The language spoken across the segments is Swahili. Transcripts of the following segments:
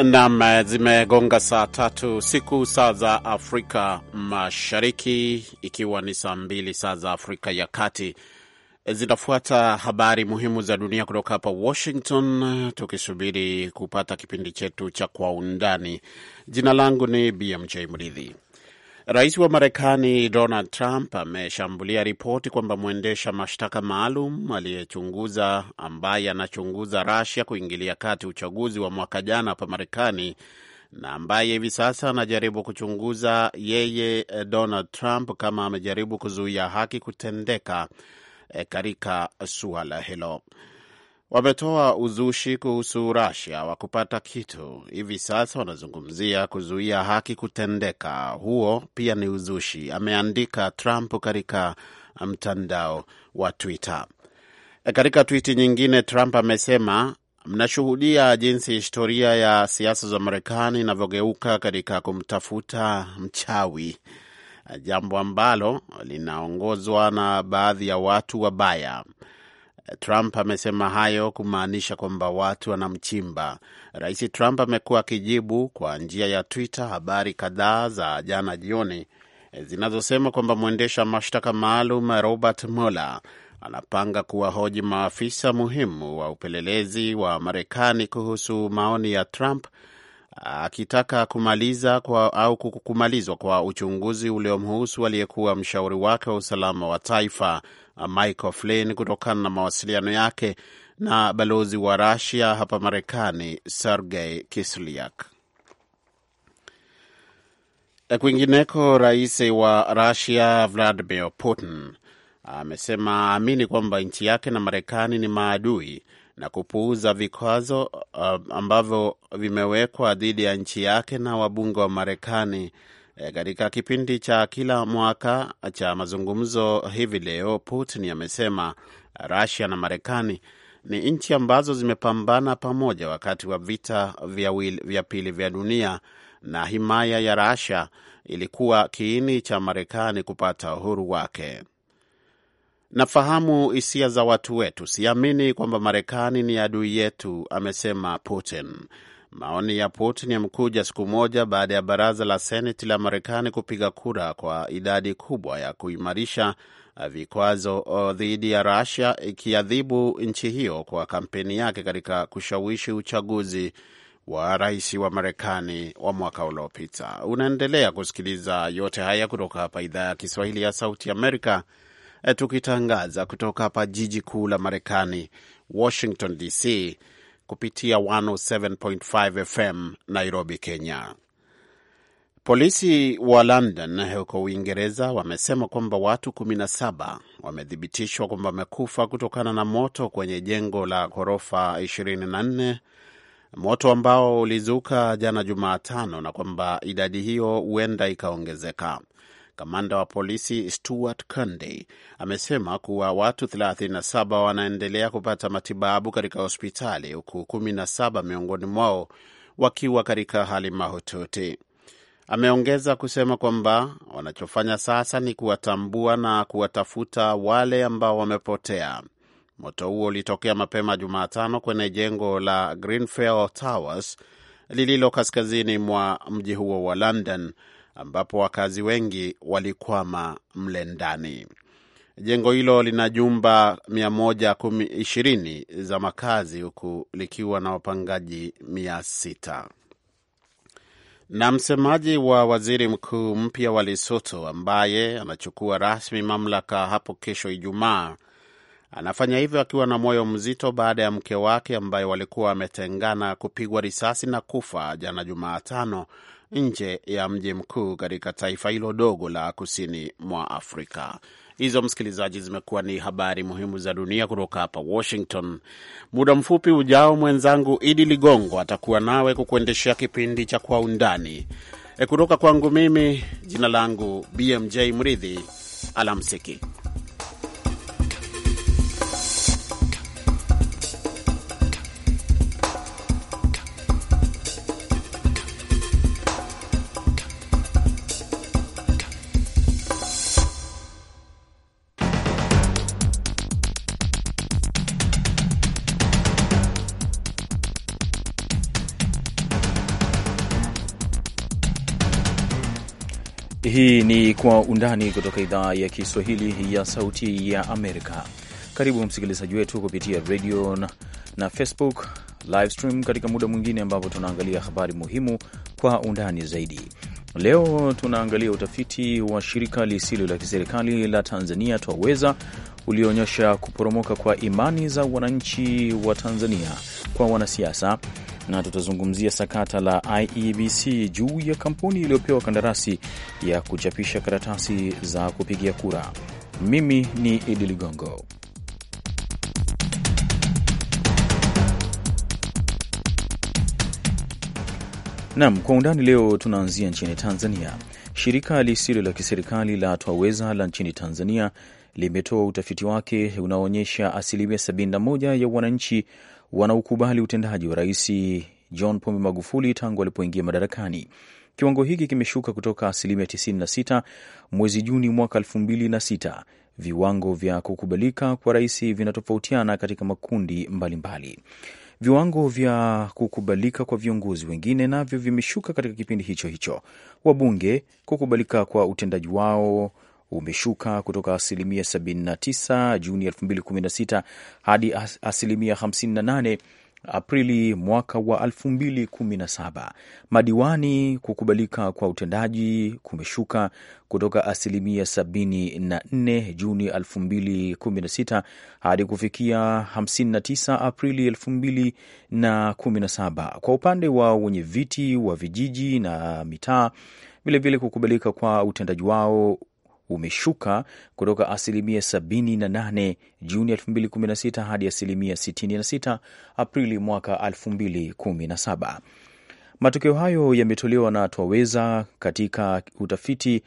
Nam eh, zimegonga saa tatu siku saa za Afrika Mashariki, ikiwa ni saa mbili saa za Afrika ya Kati. Eh, zinafuata habari muhimu za dunia kutoka hapa Washington, tukisubiri kupata kipindi chetu cha Kwa Undani. Jina langu ni BMJ Mridhi. Rais wa Marekani Donald Trump ameshambulia ripoti kwamba mwendesha mashtaka maalum aliyechunguza ambaye anachunguza rasia kuingilia kati uchaguzi wa mwaka jana hapa Marekani na ambaye hivi sasa anajaribu kuchunguza yeye Donald Trump kama amejaribu kuzuia haki kutendeka eh, katika suala hilo wametoa uzushi kuhusu rasia wa kupata kitu. Hivi sasa wanazungumzia kuzuia haki kutendeka, huo pia ni uzushi, ameandika Trump katika mtandao wa Twitter. E, katika twiti nyingine Trump amesema mnashuhudia jinsi historia ya siasa za Marekani inavyogeuka katika kumtafuta mchawi, e, jambo ambalo linaongozwa na baadhi ya watu wabaya. Trump amesema hayo kumaanisha kwamba watu wanamchimba. Rais Trump amekuwa akijibu kwa njia ya Twitter habari kadhaa za jana jioni e, zinazosema kwamba mwendesha mashtaka maalum Robert Mueller anapanga kuwahoji maafisa muhimu wa upelelezi wa Marekani kuhusu maoni ya Trump akitaka kumaliza kwa, au kumalizwa kwa uchunguzi uliomhusu aliyekuwa mshauri wake wa usalama wa taifa Uh, Michael Flynn kutokana na mawasiliano yake na balozi wa Rusia hapa Marekani Sergey Kislyak. Eh, kwingineko, rais wa Rusia Vladimir Putin amesema aamini kwamba nchi yake na Marekani ni maadui na kupuuza vikwazo uh, ambavyo vimewekwa dhidi ya nchi yake na wabunge wa Marekani Eh, katika kipindi cha kila mwaka cha mazungumzo hivi leo, Putin amesema Russia na Marekani ni nchi ambazo zimepambana pamoja wakati wa vita vya, vya pili vya dunia na himaya ya Russia ilikuwa kiini cha Marekani kupata uhuru wake. Nafahamu hisia za watu wetu, siamini kwamba Marekani ni adui yetu, amesema Putin. Maoni ya Putin yamekuja siku moja baada ya baraza la seneti la Marekani kupiga kura kwa idadi kubwa ya kuimarisha uh, vikwazo uh, dhidi ya rasia ikiadhibu nchi hiyo kwa kampeni yake katika kushawishi uchaguzi wa rais wa Marekani wa mwaka uliopita. Unaendelea kusikiliza yote haya kutoka hapa idhaa ya Kiswahili ya Sauti Amerika, uh, tukitangaza kutoka hapa jiji kuu la Marekani, Washington DC kupitia 107.5 FM Nairobi, Kenya. Polisi wa London huko Uingereza wamesema kwamba watu 17 wamethibitishwa kwamba wamekufa kutokana na moto kwenye jengo la ghorofa 24, moto ambao ulizuka jana Jumatano, na kwamba idadi hiyo huenda ikaongezeka. Kamanda wa polisi Stuart cundy amesema kuwa watu 37 wanaendelea kupata matibabu katika hospitali huku 17 miongoni mwao wakiwa katika hali mahututi. Ameongeza kusema kwamba wanachofanya sasa ni kuwatambua na kuwatafuta wale ambao wamepotea. Moto huo ulitokea mapema Jumatano kwenye jengo la Grenfell Towers lililo kaskazini mwa mji huo wa London ambapo wakazi wengi walikwama mle ndani. Jengo hilo lina jumba 120 za makazi huku likiwa na wapangaji 600. Na msemaji wa waziri mkuu mpya wa Lesotho ambaye anachukua rasmi mamlaka hapo kesho Ijumaa anafanya hivyo akiwa na moyo mzito baada ya mke wake ambaye walikuwa wametengana kupigwa risasi na kufa jana Jumatano nje ya mji mkuu katika taifa hilo dogo la kusini mwa Afrika. Hizo msikilizaji, zimekuwa ni habari muhimu za dunia kutoka hapa Washington. Muda mfupi ujao, mwenzangu Idi Ligongo atakuwa nawe kukuendeshea kipindi cha Kwa Undani. E, kutoka kwangu mimi, jina langu BMJ Mridhi. Alamsiki. Hii ni Kwa Undani kutoka idhaa ya Kiswahili ya Sauti ya Amerika. Karibu msikilizaji wetu kupitia radio na, na Facebook live stream katika muda mwingine ambapo tunaangalia habari muhimu kwa undani zaidi. Leo tunaangalia utafiti wa shirika lisilo la kiserikali la Tanzania Twaweza ulioonyesha kuporomoka kwa imani za wananchi wa Tanzania kwa wanasiasa na tutazungumzia sakata la IEBC juu ya kampuni iliyopewa kandarasi ya kuchapisha karatasi za kupigia kura. Mimi ni Idi Ligongo. Naam, kwa undani leo tunaanzia nchini Tanzania. Shirika lisilo la kiserikali la Twaweza la nchini Tanzania limetoa utafiti wake unaoonyesha asilimia 71 ya wananchi wanaukubali utendaji wa Rais John Pombe Magufuli tangu alipoingia madarakani. Kiwango hiki kimeshuka kutoka asilimia 96 mwezi Juni mwaka 2006. Viwango vya kukubalika kwa rais vinatofautiana katika makundi mbalimbali mbali. Viwango vya kukubalika kwa viongozi wengine navyo vimeshuka katika kipindi hicho hicho. Wabunge kukubalika kwa utendaji wao umeshuka kutoka asilimia 79 Juni 2016 hadi asilimia 58 Aprili mwaka wa 2017. Madiwani kukubalika kwa utendaji kumeshuka kutoka asilimia 74 Juni 2016 hadi kufikia 59 Aprili 2017. Kwa upande wa wenye viti wa vijiji na mitaa vilevile kukubalika kwa utendaji wao umeshuka kutoka asilimia 78 Juni 2016 hadi asilimia 66 Aprili mwaka 2017. Matokeo hayo yametolewa na Twaweza katika utafiti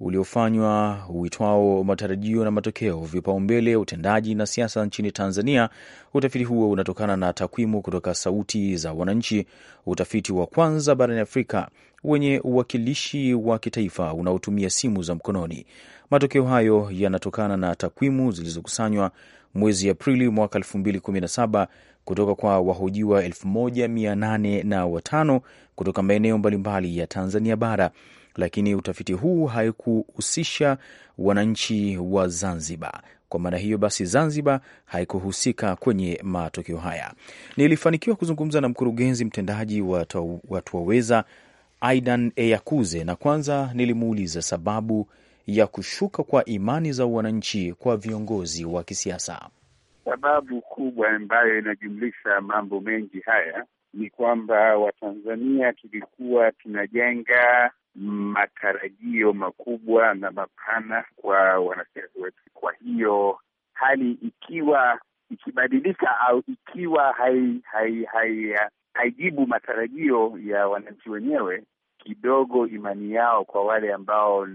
uliofanywa uitwao matarajio na matokeo, vipaumbele, utendaji na siasa nchini Tanzania. Utafiti huo unatokana na takwimu kutoka Sauti za Wananchi, utafiti wa kwanza barani Afrika wenye uwakilishi wa kitaifa unaotumia simu za mkononi. Matokeo hayo yanatokana na takwimu zilizokusanywa mwezi Aprili mwaka 2017 kutoka kwa wahojiwa 1805 kutoka maeneo mbalimbali ya Tanzania bara lakini utafiti huu haikuhusisha wananchi wa Zanzibar. Kwa maana hiyo basi, Zanzibar haikuhusika kwenye matokeo haya. Nilifanikiwa kuzungumza na mkurugenzi mtendaji wa Twaweza Aidan Eyakuze, na kwanza nilimuuliza sababu ya kushuka kwa imani za wananchi kwa viongozi wa kisiasa. Sababu kubwa ambayo inajumlisha mambo mengi haya ni kwamba Watanzania tulikuwa tunajenga matarajio makubwa na mapana kwa wanasiasa wetu. Kwa hiyo hali ikiwa ikibadilika au ikiwa haijibu hai, hai, hai matarajio ya wananchi wenyewe, kidogo imani yao kwa wale ambao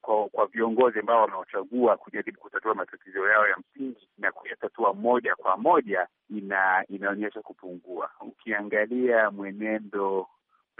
kwa, kwa viongozi ambao wanaochagua kujaribu kutatua matatizo yao ya msingi na kuyatatua moja kwa moja ina, inaonyesha kupungua. Ukiangalia mwenendo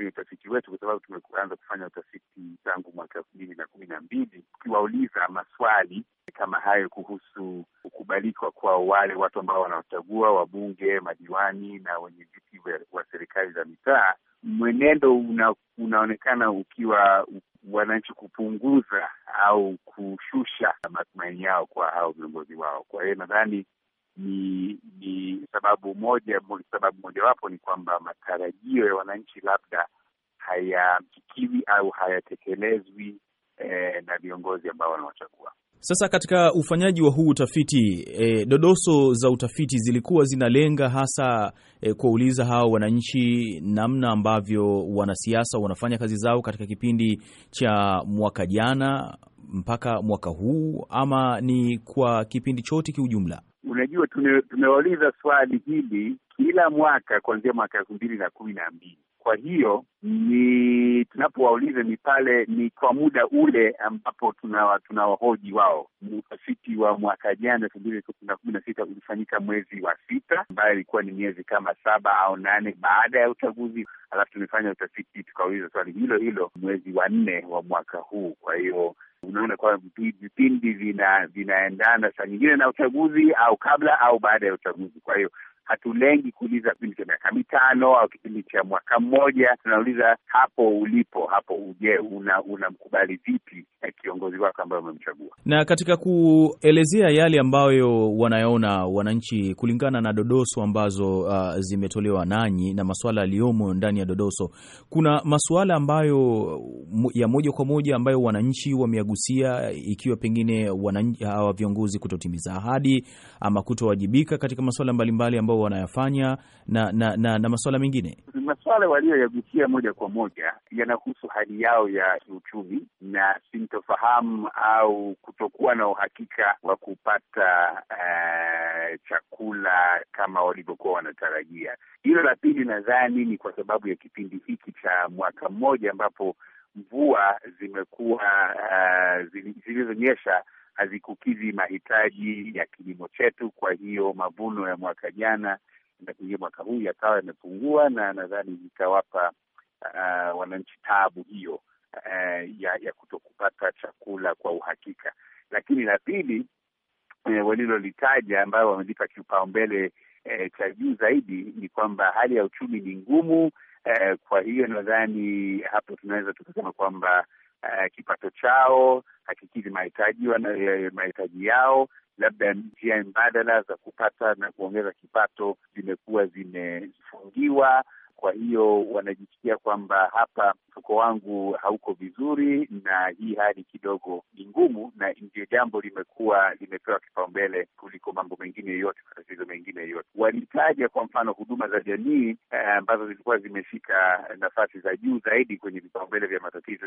kwenye utafiti wetu, kwa sababu tumeanza kufanya utafiti tangu mwaka elfu mbili na kumi na mbili, tukiwauliza maswali kama hayo kuhusu kukubalika kwa wale watu ambao wanaochagua wabunge, madiwani na wenye viti wa serikali za mitaa, mwenendo una, unaonekana ukiwa wananchi kupunguza au kushusha matumaini yao kwa hao viongozi wao. Kwa hiyo nadhani ni ni sababu moja. Sababu mojawapo ni kwamba matarajio ya wananchi labda hayafikiwi au hayatekelezwi eh, na viongozi ambao wanawachagua. Sasa katika ufanyaji wa huu utafiti e, dodoso za utafiti zilikuwa zinalenga hasa e, kuwauliza hawa wananchi namna ambavyo wanasiasa wanafanya kazi zao katika kipindi cha mwaka jana mpaka mwaka huu, ama ni kwa kipindi chote kiujumla? Unajua, tumewauliza swali hili kila mwaka kuanzia mwaka elfu mbili na kumi na mbili. Kwa hiyo ni tunapowauliza ni pale ni kwa muda ule ambapo tunawahoji tuna wao. Utafiti wa mwaka jana elfu mbili na kumi na sita ulifanyika mwezi wa sita, ambayo ilikuwa ni miezi kama saba au nane baada ya uchaguzi. Alafu tumefanya utafiti tukauliza swali hilo hilo mwezi wa nne wa mwaka huu, kwa hiyo unaona kwamba vipindi vina, vinaendana saa nyingine na uchaguzi au kabla au baada ya uchaguzi. Kwa hiyo hatulengi kuuliza kipindi cha miaka mitano au kipindi cha mwaka mmoja. Tunauliza hapo ulipo, hapo uje unamkubali una vipi eh, kiongozi wako ambayo umemchagua. Na katika kuelezea yale ambayo wanayaona wananchi kulingana na dodoso ambazo uh, zimetolewa nanyi na masuala yaliyomo ndani ya dodoso, kuna masuala ambayo ya moja kwa moja ambayo wananchi wameagusia, ikiwa pengine hawa viongozi kutotimiza ahadi ama kutowajibika katika masuala mbalimbali ambayo ambao wanayafanya na na, na, na masuala mengine. Masuala waliyoyagusia moja kwa moja yanahusu hali yao ya kiuchumi na sintofahamu au kutokuwa na uhakika wa kupata uh, chakula kama walivyokuwa wanatarajia. Hilo la pili nadhani ni kwa sababu ya kipindi hiki cha mwaka mmoja ambapo mvua zimekuwa uh, zilizonyesha hazikukidhi mahitaji ya kilimo chetu. Kwa hiyo mavuno ya mwaka jana na kuingia mwaka huu yakawa yamepungua, na nadhani zikawapa uh, wananchi taabu hiyo uh, ya, ya kutokupata chakula kwa uhakika. Lakini la pili eh, walilolitaja ambayo wamelipa kipaumbele eh, cha juu zaidi ni kwamba hali ya uchumi ni ngumu. Eh, kwa hiyo nadhani hapo tunaweza tukasema kwamba uh, kipato chao hakikidhi mahitaji eh, mahitaji yao, labda njia mbadala za kupata na kuongeza kipato zimekuwa zimefungiwa. Kwa hiyo wanajisikia kwamba hapa mfuko wangu hauko vizuri, na hii hali kidogo ni ngumu, na ndio jambo limekuwa limepewa kipaumbele kuliko mambo mengine yoyote, matatizo mengine yoyote. Walitaja kwa mfano huduma za jamii eh, ambazo eh, zilikuwa zimefika nafasi za juu zaidi kwenye vipaumbele vya matatizo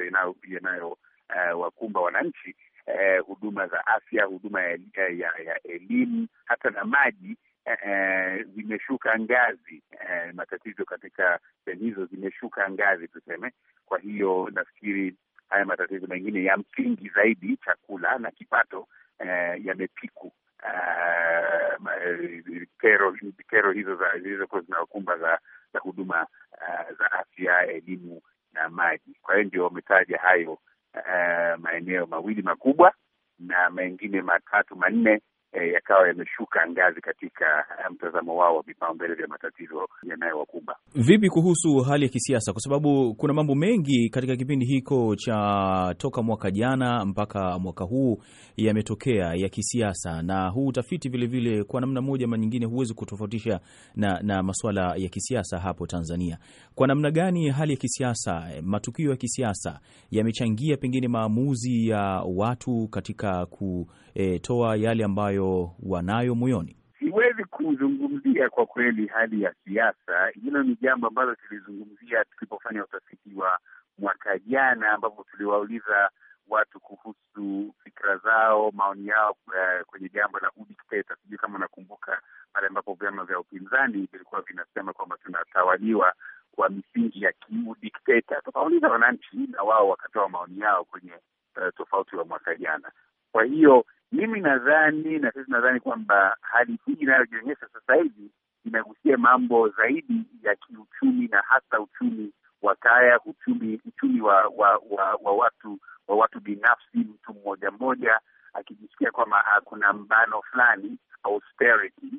yanayowakumba eh, wananchi eh, huduma za afya, huduma ya, ya, ya elimu hata na maji Eh, eh, zimeshuka eh, ngazi eh, matatizo katika sehemu hizo zimeshuka ngazi tuseme. Kwa hiyo nafikiri haya matatizo mengine ya msingi zaidi, chakula na kipato, eh, yamepiku eh, kero kero hizo zilizokuwa zinawakumba za za huduma uh, za afya, elimu na maji. Kwa hiyo ndio wametaja hayo uh, maeneo mawili makubwa na mengine matatu manne eh, yakawa yameshuka ngazi katika eh, mtazamo wao wa vipaumbele vya matatizo yanayowakumba. Vipi kuhusu hali ya kisiasa? Kwa sababu kuna mambo mengi katika kipindi hiko cha toka mwaka jana mpaka mwaka huu yametokea ya kisiasa, na huu utafiti vilevile kwa namna moja ama nyingine huwezi kutofautisha na, na masuala ya kisiasa hapo Tanzania. Kwa namna gani hali ya kisiasa, eh, matukio ya kisiasa yamechangia pengine maamuzi ya watu katika ku e, toa yale ambayo wanayo moyoni? Siwezi kuzungumzia kwa kweli hali ya siasa. Hilo ni jambo ambalo tulizungumzia tulipofanya utafiti wa mwaka jana, ambapo tuliwauliza watu kuhusu fikra zao, maoni yao uh, kwenye jambo la udikteta. Sijui kama unakumbuka pale ambapo vyama vya upinzani vilikuwa vinasema kwamba tunatawaliwa kwa misingi ya kiudikteta. Tukauliza wananchi na wao wakatoa maoni yao kwenye uh, tofauti wa mwaka jana. Kwa hiyo mimi nadhani na sisi nadhani kwamba hali hii inayojionyesha sasa hivi inagusia mambo zaidi ya kiuchumi na hasa uchumi wa kaya, uchumi uchumi wa, wa, wa, wa watu wa watu binafsi, mtu mmoja mmoja akijisikia kwamba kuna mbano fulani austerity,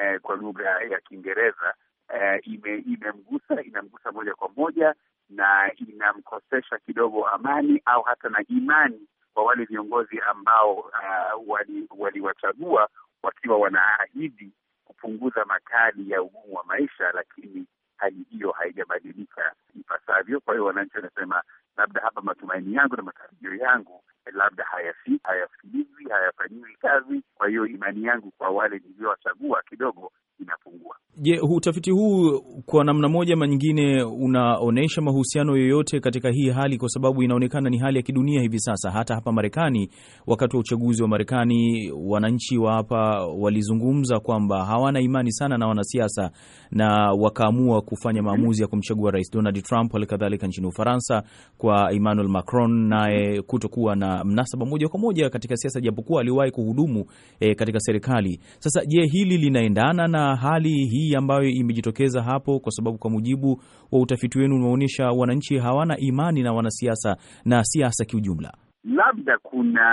eh, kwa lugha ya Kiingereza eh, ime, imemgusa inamgusa moja kwa moja na inamkosesha kidogo amani au hata na imani kwa wale viongozi ambao uh, waliwachagua wali wakiwa wanaahidi kupunguza makali ya ugumu wa maisha, lakini hali hiyo haijabadilika ipasavyo. Kwa hiyo wananchi wanasema labda hapa matumaini yangu na matarajio yangu labda hayafi hayafikiliwi hayafanyiwi kazi. Kwa hiyo imani yangu kwa wale niliyowachagua kidogo inapungua. Je, utafiti huu kwa namna moja ama nyingine unaonyesha mahusiano yoyote katika hii hali? Kwa sababu inaonekana ni hali ya kidunia hivi sasa. Hata hapa Marekani, wakati wa uchaguzi wa Marekani, wananchi wa hapa walizungumza kwamba hawana imani sana na wanasiasa na wakaamua kufanya maamuzi ya kumchagua Rais Donald Trump, halikadhalika nchini Ufaransa kwa Emmanuel Macron, naye kutokuwa na mnasaba moja kwa moja katika siasa, japokuwa aliwahi kuhudumu eh, katika serikali. Sasa je, hili linaendana na hali hii hii ambayo imejitokeza hapo, kwa sababu kwa mujibu wa utafiti wenu unaonyesha wananchi hawana imani na wanasiasa na siasa kiujumla? Labda kuna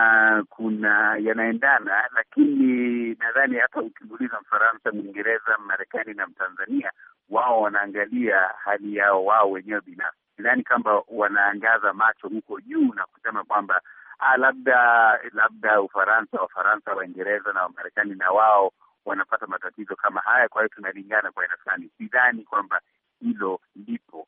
kuna yanaendana, lakini nadhani hata ukimuuliza Mfaransa, Mwingereza, Marekani na Mtanzania, wao wanaangalia hali yao wao wenyewe binafsi. nidhani kwamba wanaangaza macho huko juu na kusema kwamba ah, labda labda Ufaransa, Wafaransa, Waingereza na Wamarekani na wao wanapata matatizo kama haya. Kwa hiyo tunalingana kwa aina fulani, sidhani kwamba hilo lipo.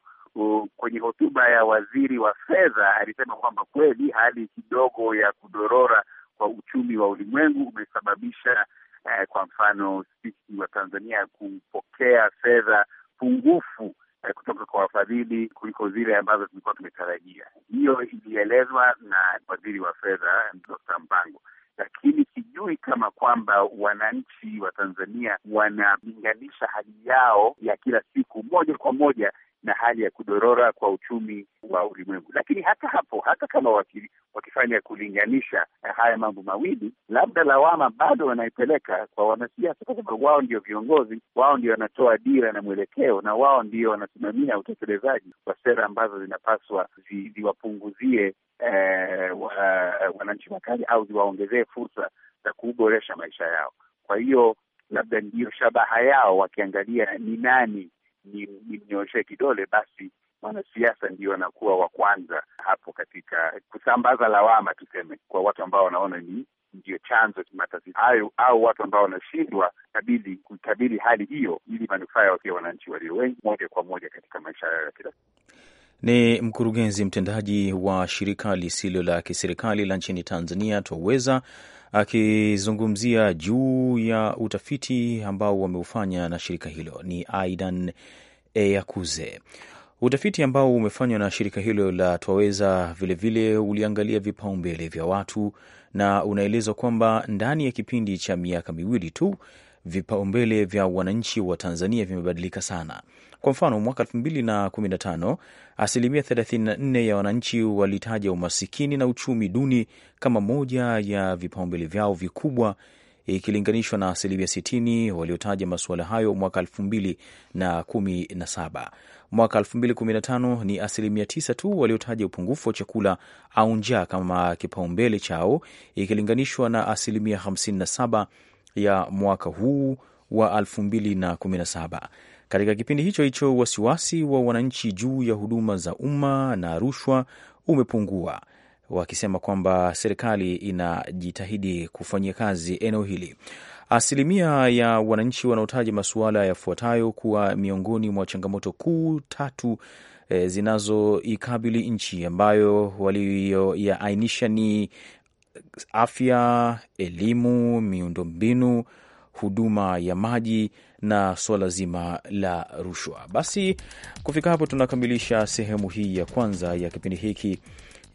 Kwenye hotuba ya waziri wa fedha alisema kwamba kweli hali kidogo ya kudorora kwa uchumi wa ulimwengu umesababisha eh, kwa mfano sisi wa Tanzania kupokea fedha pungufu eh, kutoka kwa wafadhili kuliko zile ambazo tulikuwa tumetarajia. Hiyo ilielezwa na waziri wa fedha Dr. Mpango lakini sijui kama kwamba wananchi wa Tanzania wanalinganisha hali yao ya kila siku moja kwa moja na hali ya kudorora kwa uchumi wa ulimwengu. Lakini hata hapo, hata kama wakifanya kulinganisha eh, haya mambo mawili, labda lawama bado wanaipeleka kwa wanasiasa, kwa sababu wao ndio viongozi, wao ndio wanatoa dira na mwelekeo, na wao ndio wanasimamia utekelezaji wa sera ambazo zinapaswa ziwapunguzie eh, wa, wananchi makali au ziwaongezee fursa za kuboresha maisha yao. Kwa hiyo labda ndiyo shabaha yao, wakiangalia ni nani ni kidole, basi mwanasiasa ndio anakuwa wa kwanza hapo katika kusambaza lawama, tuseme, kwa watu ambao wanaona ni ndio chanzo cha matatizo hayo, au watu ambao wanashindwa kabili kuikabili hali hiyo, ili manufaa yawafikia wananchi walio wengi moja kwa moja katika maisha yao ya kila siku. Ni mkurugenzi mtendaji wa shirika lisilo la kiserikali la nchini Tanzania Twaweza akizungumzia juu ya utafiti ambao wameufanya na shirika hilo. Ni Aidan Eyakuze. Utafiti ambao umefanywa na shirika hilo la Twaweza vilevile uliangalia vipaumbele vya watu na unaelezwa kwamba ndani ya kipindi cha miaka miwili tu vipaumbele vya wananchi wa Tanzania vimebadilika sana. Kwa mfano, mwaka 215 asilimia 34 ya wananchi walitaja umasikini na uchumi duni kama moja ya vipaumbele vyao vikubwa ikilinganishwa na asilimia 60 waliotaja masuala hayo mwaka 2017. Mwaka 215 ni asilimia 9 tu waliotaja upungufu wa chakula au njaa kama kipaumbele chao ikilinganishwa na asilimia 57 ya mwaka huu wa 217 katika kipindi hicho hicho, wasiwasi wa wananchi juu ya huduma za umma na rushwa umepungua, wakisema kwamba serikali inajitahidi kufanyia kazi eneo hili. Asilimia ya wananchi wanaotaja masuala yafuatayo kuwa miongoni mwa changamoto kuu tatu e, zinazoikabili nchi ambayo waliyoyaainisha ni afya, elimu, miundombinu, huduma ya maji na suala zima la rushwa. Basi kufika hapo, tunakamilisha sehemu hii ya kwanza ya kipindi hiki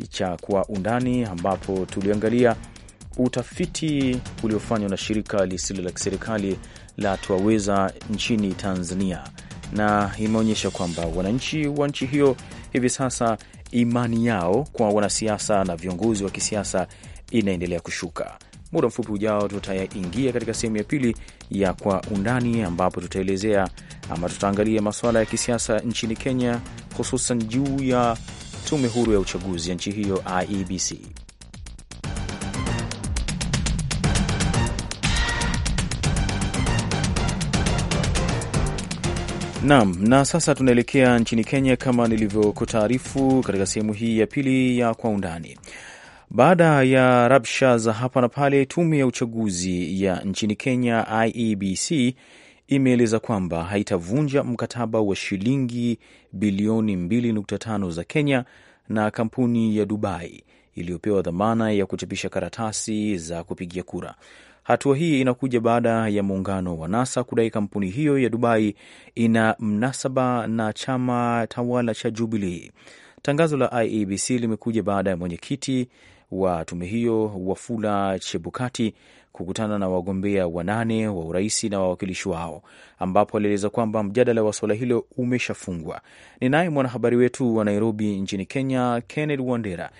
cha Kwa Undani, ambapo tuliangalia utafiti uliofanywa na shirika lisilo la kiserikali la Twaweza nchini Tanzania, na imeonyesha kwamba wananchi wa nchi hiyo hivi sasa imani yao kwa wanasiasa na viongozi wa kisiasa inaendelea kushuka. Muda mfupi ujao, tutaingia katika sehemu ya pili ya Kwa Undani, ambapo tutaelezea ama tutaangalia masuala ya kisiasa nchini Kenya, hususan juu ya tume huru ya uchaguzi ya nchi hiyo IEBC. Naam, na sasa tunaelekea nchini Kenya kama nilivyokutaarifu katika sehemu hii ya pili ya Kwa Undani. Baada ya rabsha za hapa na pale, tume ya uchaguzi ya nchini Kenya IEBC imeeleza kwamba haitavunja mkataba wa shilingi bilioni 2.5 za Kenya na kampuni ya Dubai iliyopewa dhamana ya kuchapisha karatasi za kupigia kura. Hatua hii inakuja baada ya muungano wa NASA kudai kampuni hiyo ya Dubai ina mnasaba na chama tawala cha Jubilee. Tangazo la IEBC limekuja baada ya mwenyekiti wa tume hiyo Wafula Chebukati kukutana na wagombea wanane wa urais na wawakilishi wao, ambapo alieleza kwamba mjadala wa suala hilo umeshafungwa. Ni naye mwanahabari wetu wa Nairobi nchini Kenya, Kenneth Wandera.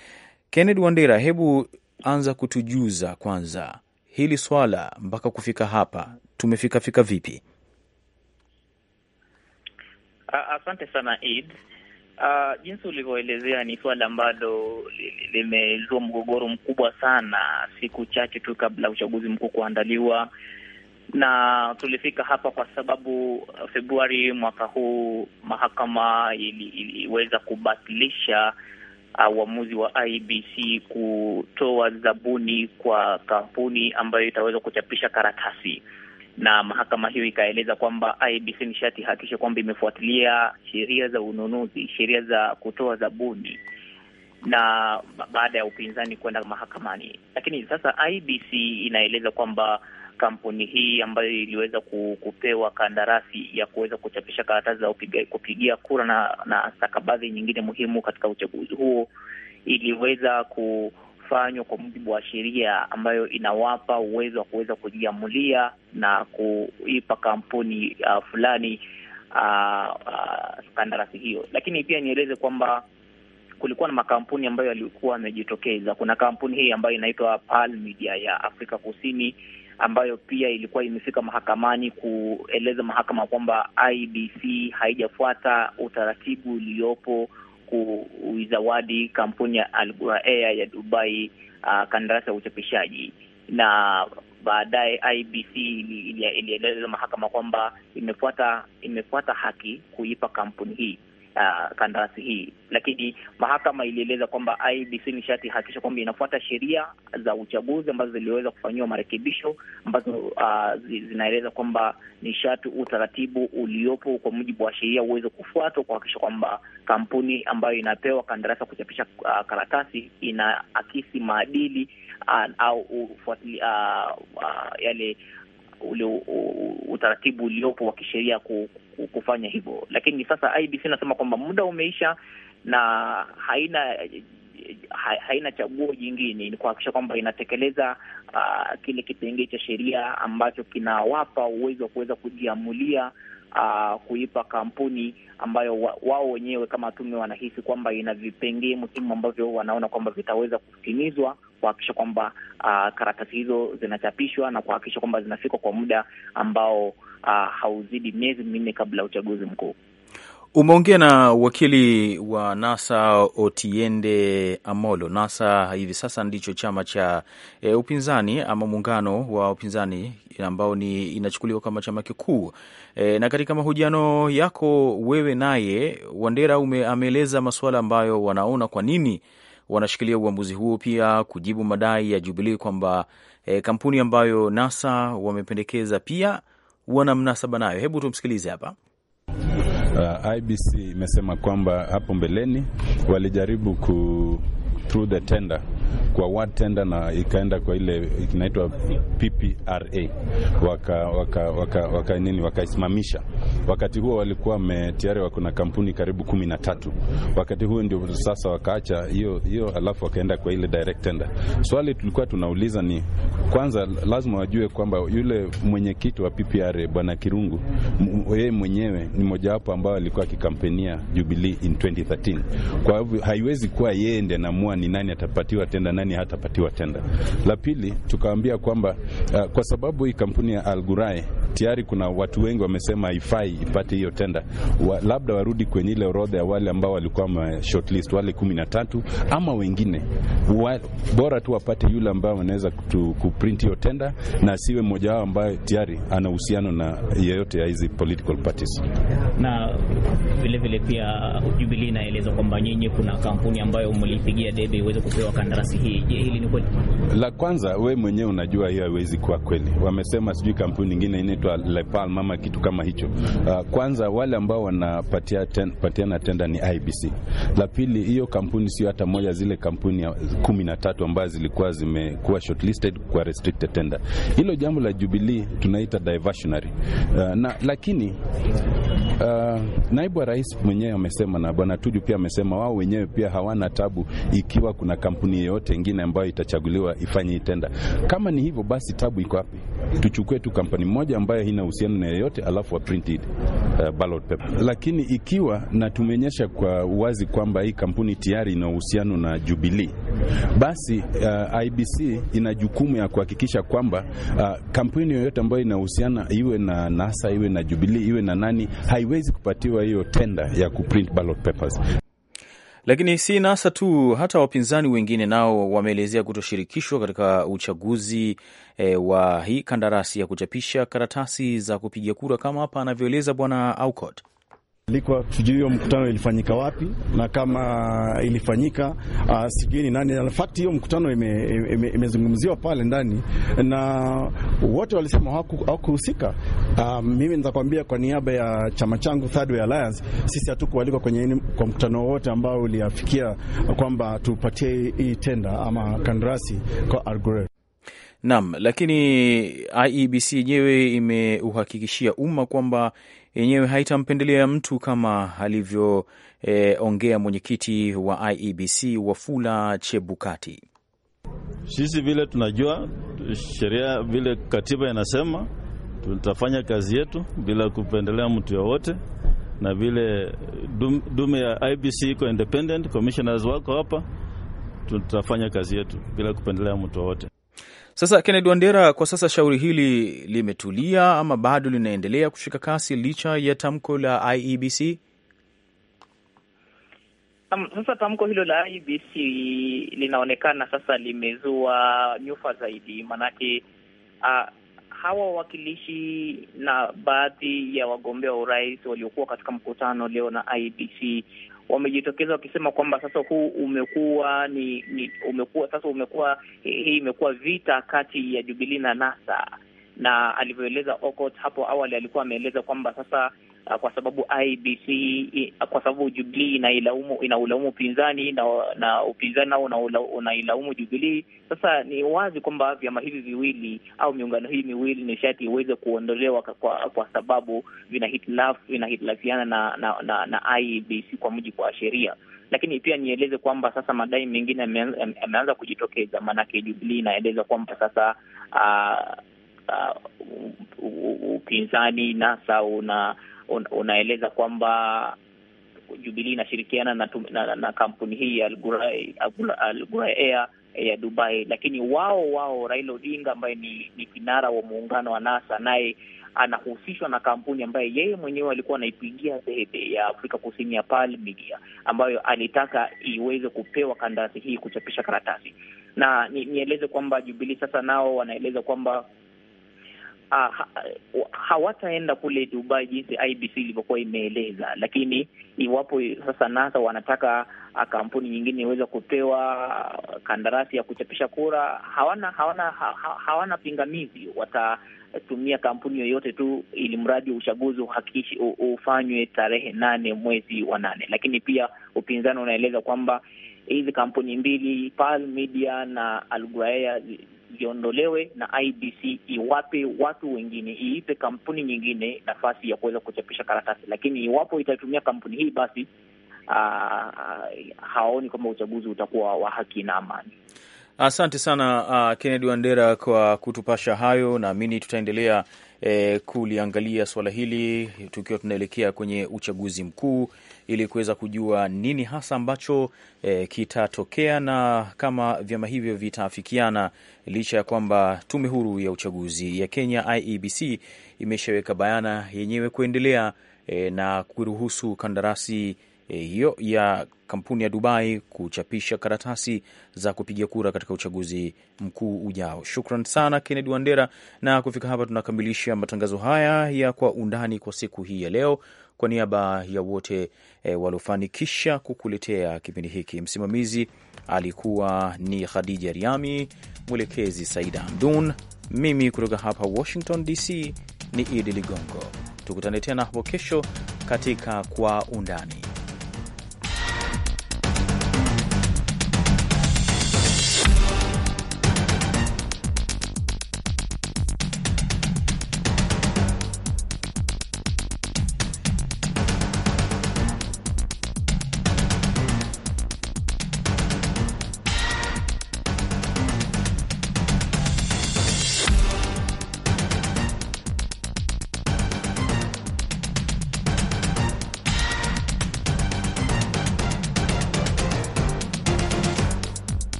Kenneth Wandera, hebu anza kutujuza kwanza hili swala mpaka kufika hapa tumefikafika vipi? Asante sana Eid. Uh, jinsi ulivyoelezea ni suala ambalo limezua mgogoro mkubwa sana siku chache tu kabla uchaguzi mkuu kuandaliwa, na tulifika hapa kwa sababu Februari mwaka huu mahakama ili, kubatilisha ah, uamuzi uh, wa IBC kutoa zabuni kwa kampuni ambayo itaweza kuchapisha karatasi na mahakama hiyo ikaeleza kwamba ibc nishati hakikishe kwamba imefuatilia sheria za ununuzi, sheria za kutoa zabuni na baada ya upinzani kwenda mahakamani. Lakini sasa IBC inaeleza kwamba kampuni hii ambayo iliweza kupewa kandarasi ya kuweza kuchapisha karatasi za kupigia kura na, na stakabadhi nyingine muhimu katika uchaguzi huo iliweza ku fanywa kwa mujibu wa sheria ambayo inawapa uwezo wa kuweza kujiamulia na kuipa kampuni uh, fulani uh, uh, kandarasi hiyo. Lakini pia nieleze kwamba kulikuwa na makampuni ambayo yalikuwa yamejitokeza. Kuna kampuni hii ambayo inaitwa Pal Media ya Afrika Kusini ambayo pia ilikuwa imefika mahakamani kueleza mahakama kwamba IBC haijafuata utaratibu uliopo kuizawadi kampuni ya Al Ghurair ya Dubai uh, kandarasi ya uchapishaji na baadaye IBC ilieleza mahakama kwamba imefuata imefuata haki kuipa kampuni hii uh, kandarasi hii, lakini mahakama ilieleza kwamba IBC ni sharti hakikisha kwamba inafuata sheria za uchaguzi ambazo ziliweza kufanyiwa marekebisho ambazo uh, zinaeleza kwamba ni sharti utaratibu uliopo kwa mujibu wa sheria uweze kufuatwa kuhakikisha kwamba kampuni ambayo inapewa kandarasi ya kuchapisha uh, karatasi inaakisi maadili uh, au uh, uh, yale ule utaratibu uliopo wa kisheria kufanya hivyo, lakini sasa IBC inasema kwamba muda umeisha na haina haina chaguo jingine, ni kuhakikisha kwamba inatekeleza uh, kile kipengee cha sheria ambacho kinawapa uwezo wa kuweza kujiamulia uh, kuipa kampuni ambayo wao wenyewe kama tume wanahisi kwamba ina vipengee muhimu ambavyo wanaona kwamba vitaweza kutimizwa kuhakikisha kwamba uh, karatasi hizo zinachapishwa na kuhakikisha kwamba zinafika kwa muda ambao uh, hauzidi miezi minne kabla ya uchaguzi mkuu. Umeongea na wakili wa NASA Otiende Amolo. NASA hivi sasa ndicho chama cha e, upinzani ama muungano wa upinzani ambao ni inachukuliwa kama chama kikuu e, na katika mahojiano yako wewe naye Wandera ameeleza masuala ambayo wanaona kwa nini wanashikilia uamuzi huo pia kujibu madai ya jubilii kwamba e, kampuni ambayo NASA wamependekeza pia wana mnasaba nayo. Hebu tumsikilize hapa. Uh, IBC imesema kwamba hapo mbeleni walijaribu ku through the tender kwa ward tender na ikaenda kwa ile inaitwa PPRA waka, waka, waka, waka nini wakaisimamisha. Wakati huo walikuwa tayari wako na kampuni karibu kumi na tatu. Wakati huo ndio sasa wakaacha hiyo hiyo, alafu wakaenda kwa ile direct tender. Swali tulikuwa tunauliza ni kwanza, lazima wajue kwamba yule mwenyekiti wa PPRA bwana Kirungu, yeye mwenyewe ni mojawapo ambao alikuwa akikampenia Jubilee in 2013. Kwa hivyo haiwezi kuwa yeye ndiye anaamua ni nani atapatiwa tenda, nani hatapatiwa tenda. La pili tukaambia kwamba uh, kwa sababu hii kampuni ya Algurai tayari kuna watu wengi wamesema ifai ipate hiyo tenda wa, labda warudi kwenye ile orodha ya wale ambao walikuwa ma shortlist wale kumi na tatu ama wengine wa, bora tu wapate yule ambao wanaweza kuprint hiyo tenda na asiwe mmoja wao ambayo tayari ana uhusiano na yeyote ya hizi political parties na Vilevile pia Jubilee inaeleza kwamba nyinyi kuna kampuni ambayo mlipigia debe iweze kupewa kandarasi hii. Je, hili ni kweli? La kwanza, we mwenyewe unajua hiyo haiwezi kuwa kweli. Wamesema sijui kampuni nyingine inaitwa Lepal mama kitu kama hicho. Uh, kwanza wale ambao wanapatia ten, patiana tenda ni IBC. La pili, hiyo kampuni sio hata moja zile kampuni kumi na tatu ambazo zilikuwa zimekuwa shortlisted kwa restricted tender. Hilo jambo la Jubilee tunaita diversionary. Uh, na lakini uh, naibu ikiwa Rais mwenyewe amesema na Bwana Tuju pia amesema wao wenyewe pia hawana tabu ikiwa kuna kampuni yoyote ingine ambayo itachaguliwa ifanye itenda. Kama ni hivyo basi, tabu iko wapi? tuchukue tu kampani moja ambayo haina uhusiano na yeyote, alafu wa printed uh, ballot paper. Lakini ikiwa na tumeonyesha kwa wazi kwamba hii kampuni tayari ina uhusiano na Jubilee, basi uh, IBC ina jukumu ya kuhakikisha kwamba uh, kampuni yoyote ambayo inahusiana iwe na NASA iwe na Jubilee iwe na nani haiwezi kupatiwa hiyo tenda ya kuprint ballot papers. Lakini si NASA tu, hata wapinzani wengine nao wameelezea kutoshirikishwa katika uchaguzi e, wa hii kandarasi ya kuchapisha karatasi za kupiga kura, kama hapa anavyoeleza Bwana Aukot. Ilikuwa tujui hiyo mkutano ilifanyika wapi na kama ilifanyika uh, sijui ni nani. Nafakti hiyo mkutano imezungumziwa ime, ime pale ndani na wote walisema hawakuhusika. Uh, mimi nitakwambia kwa niaba ya chama changu Third Way Alliance, sisi hatukualikwa kwenye kwa mkutano wote ambao uliafikia kwamba tupatie hii tenda ama kandarasi kwa Argore. Naam, lakini IEBC yenyewe imeuhakikishia umma kwamba yenyewe haitampendelea mtu kama alivyoongea e, mwenyekiti wa IEBC Wafula Chebukati. Sisi vile tunajua sheria vile katiba inasema, tutafanya kazi yetu bila kupendelea mtu yoyote, na vile dume ya IBC e iko independent, commissioners wako hapa, tutafanya kazi yetu bila kupendelea mtu yoyote. Sasa Kennedy Wandera, kwa sasa shauri hili limetulia ama bado linaendelea kushika kasi licha ya tamko la IEBC? Um, sasa tamko hilo la IEBC linaonekana sasa limezua nyufa zaidi, maanake uh, hawa wawakilishi na baadhi ya wagombea wa urais waliokuwa katika mkutano leo na IEBC wamejitokeza wakisema kwamba sasa huu umekuwa ni, ni umekuwa sasa umekuwa hii imekuwa vita kati ya jubilii na NASA na alivyoeleza Okot hapo awali, alikuwa ameeleza kwamba sasa Ah, kwa sababu IBC, ah, kwa sababu Jubilee inailaumu inaulaumu upinzani na, na upinzani nao unailaumu Jubilee. Sasa ni wazi kwamba vyama hivi viwili au miungano hii miwili ni sharti iweze kuondolewa kwa, kwa sababu vinahitilafu vinahitilafiana na, na, na, na IBC kwa mujibu wa sheria lakini pia nieleze kwamba sasa madai mengine yameanza kujitokeza, maanake Jubilee inaeleza kwamba sasa uh, uh, upinzani NASA una unaeleza kwamba jubilii inashirikiana na, na, na kampuni hii ya Algura Air eh, ya Dubai, lakini wao wao Raila Odinga ambaye ni, ni kinara wa muungano wa NASA naye anahusishwa na kampuni ambaye yeye mwenyewe alikuwa anaipigia debe ya Afrika Kusini ya Pal Media ambayo alitaka iweze kupewa kandarasi hii kuchapisha karatasi. Na nieleze kwamba jubilii sasa nao wanaeleza kwamba Ah, ha, eh, hawataenda kule Dubai jinsi IBC ilivyokuwa imeeleza, lakini iwapo sasa NASA wanataka ah, kampuni nyingine iweza kupewa ah, kandarasi ya kuchapisha kura, hawana hawana ha, hawana pingamizi, watatumia kampuni yoyote tu, ili mradi uchaguzi uhakikishi ufanywe tarehe nane mwezi wa nane. Lakini pia upinzani unaeleza kwamba hizi kampuni mbili Pal Media na Alguaea ziondolewe na IBC iwape watu wengine, iipe kampuni nyingine nafasi ya kuweza kuchapisha karatasi, lakini iwapo itatumia kampuni hii basi Uh, haoni kwamba uchaguzi utakuwa wa haki na amani. Asante sana uh, Kennedy Wandera kwa kutupasha hayo. Naamini tutaendelea eh, kuliangalia suala hili tukiwa tunaelekea kwenye uchaguzi mkuu ili kuweza kujua nini hasa ambacho eh, kitatokea na kama vyama hivyo vitaafikiana, licha ya kwamba tume huru ya uchaguzi ya Kenya IEBC imeshaweka bayana yenyewe kuendelea eh, na kuruhusu kandarasi eh, hiyo eh, ya kampuni ya Dubai kuchapisha karatasi za kupiga kura katika uchaguzi mkuu ujao. Shukran sana Kennedy Wandera, na kufika hapa tunakamilisha matangazo haya ya Kwa Undani kwa siku hii ya leo. Kwa niaba ya wote e, waliofanikisha kukuletea kipindi hiki, msimamizi alikuwa ni Khadija Riami, mwelekezi Saida Hamdun, mimi kutoka hapa Washington DC ni Idi Ligongo. Tukutane tena hapo kesho katika Kwa Undani.